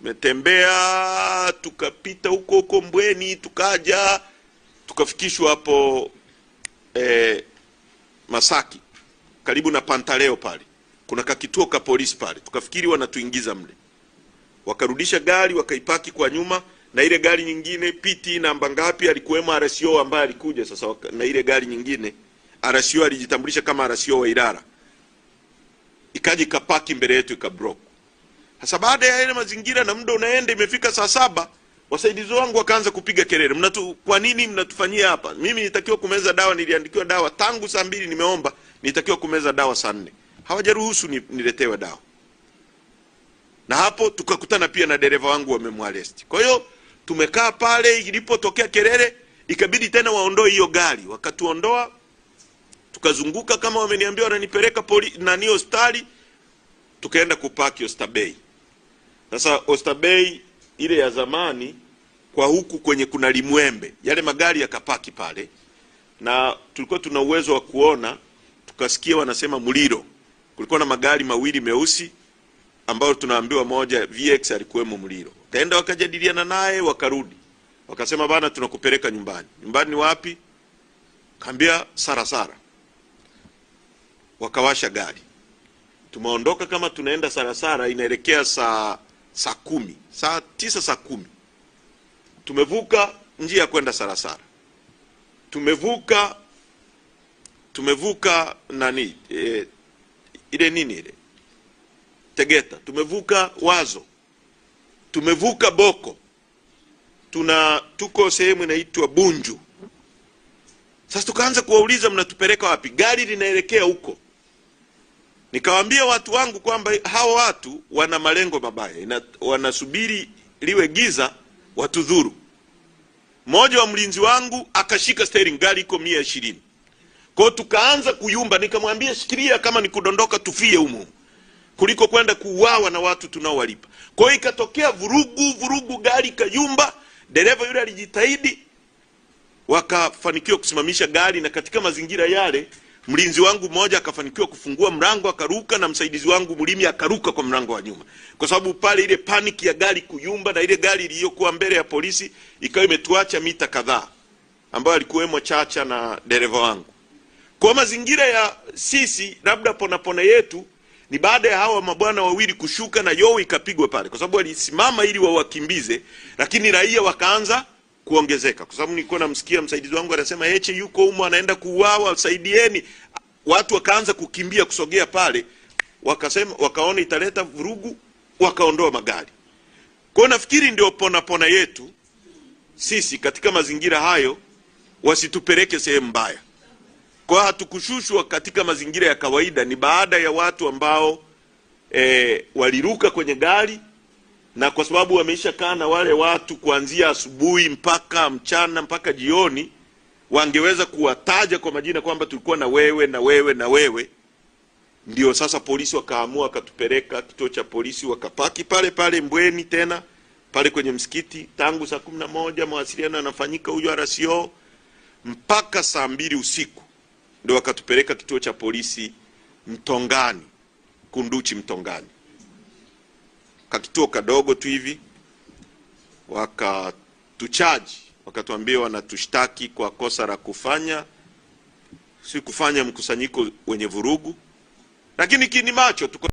metembea tukapita huko huko Mbweni, tukaja tukafikishwa hapo eh, Masaki karibu na Pantaleo pale kuna kakituo ka polisi pale, tukafikiri wanatuingiza mle, wakarudisha gari wakaipaki kwa nyuma, na ile gari nyingine piti namba ngapi alikuwemo RCO ambaye alikuja sasa waka, na ile gari nyingine RCO alijitambulisha kama RCO wa Ilala, ikaja ikapaki mbele yetu ikablock sasa baada ya yale mazingira na muda unaenda, imefika saa saba, wasaidizi wangu wakaanza kupiga kelele, mnatu, kwa nini mnatufanyia hapa? Mimi nitakiwa kumeza dawa, niliandikiwa dawa tangu saa mbili, nimeomba nitakiwa kumeza dawa saa nne, hawajaruhusu niletewe dawa. Na hapo tukakutana pia na dereva wangu wamemwaresti. Kwa hiyo tumekaa pale, ilipotokea kelele ikabidi tena waondoe hiyo gari, wakatuondoa tukazunguka, kama wameniambia wananipeleka poli nani hospitali, tukaenda kupaki Oysterbay. Sasa Oysterbay ile ya zamani kwa huku kwenye kuna limwembe, yale magari yakapaki pale, na tulikuwa tuna uwezo wa kuona, tukasikia wanasema Muliro. Kulikuwa na magari mawili meusi ambayo tunaambiwa moja VX alikuwemo Muliro. Kaenda wakajadiliana naye, wakarudi wakasema, bana, tunakupeleka nyumbani. Nyumbani wapi? Kaambia Sarasara. Wakawasha gari, tumeondoka kama tunaenda Sarasara, inaelekea saa saa kumi, saa tisa, saa kumi tumevuka njia ya kwenda Sarasara, tumevuka tumevuka nani e, ile nini ile Tegeta, tumevuka Wazo, tumevuka Boko, tuna tuko sehemu inaitwa Bunju. Sasa tukaanza kuwauliza mnatupeleka wapi? Gari linaelekea huko. Nikawaambia watu wangu kwamba hao watu wana malengo mabaya, wanasubiri liwe giza watudhuru. Mmoja wa mlinzi wangu akashika steering, gari iko mia ishirini kwao, tukaanza kuyumba. Nikamwambia shikilia, kama ni kudondoka tufie humo kuliko kwenda kuuawa na watu tunaowalipa. Kwa hiyo ikatokea vurugu vurugu, gari kayumba, dereva yule alijitahidi, wakafanikiwa kusimamisha gari, na katika mazingira yale mlinzi wangu mmoja akafanikiwa kufungua mlango akaruka, na msaidizi wangu mlimi akaruka kwa mlango wa nyuma, kwa sababu pale ile paniki ya gari kuyumba na ile gari iliyokuwa mbele ya polisi ikawa imetuacha mita kadhaa, ambayo alikuwemo Chacha na dereva wangu. Kwa mazingira ya sisi, labda ponapona yetu ni baada ya hawa mabwana wawili kushuka na yowe ikapigwa pale, kwa sababu walisimama ili wawakimbize, lakini raia wakaanza kuongezeka, kwa sababu nilikuwa namsikia msaidizi wangu anasema Heche yuko humo anaenda kuuawa, saidieni. Watu wakaanza kukimbia kusogea pale, wakasema wakaona italeta vurugu, wakaondoa magari. Kwa nafikiri ndio pona yetu sisi katika mazingira hayo, wasitupeleke sehemu mbaya. Kwa hatukushushwa katika mazingira ya kawaida, ni baada ya watu ambao e, waliruka kwenye gari na kwa sababu wameisha kaa na wale watu kuanzia asubuhi mpaka mchana mpaka jioni, wangeweza kuwataja kwa majina kwamba tulikuwa na wewe na wewe na wewe. Ndio sasa polisi wakaamua, wakatupeleka kituo cha polisi, wakapaki pale pale Mbweni tena pale kwenye msikiti tangu saa kumi na moja mawasiliano yanafanyika huyo RCO mpaka saa mbili usiku, ndio wakatupeleka kituo cha polisi Mtongani, Kunduchi Mtongani kakituo kadogo tu hivi, wakatuchaji wakatuambia wanatushtaki kwa kosa la kufanya si kufanya mkusanyiko wenye vurugu, lakini kini macho tuko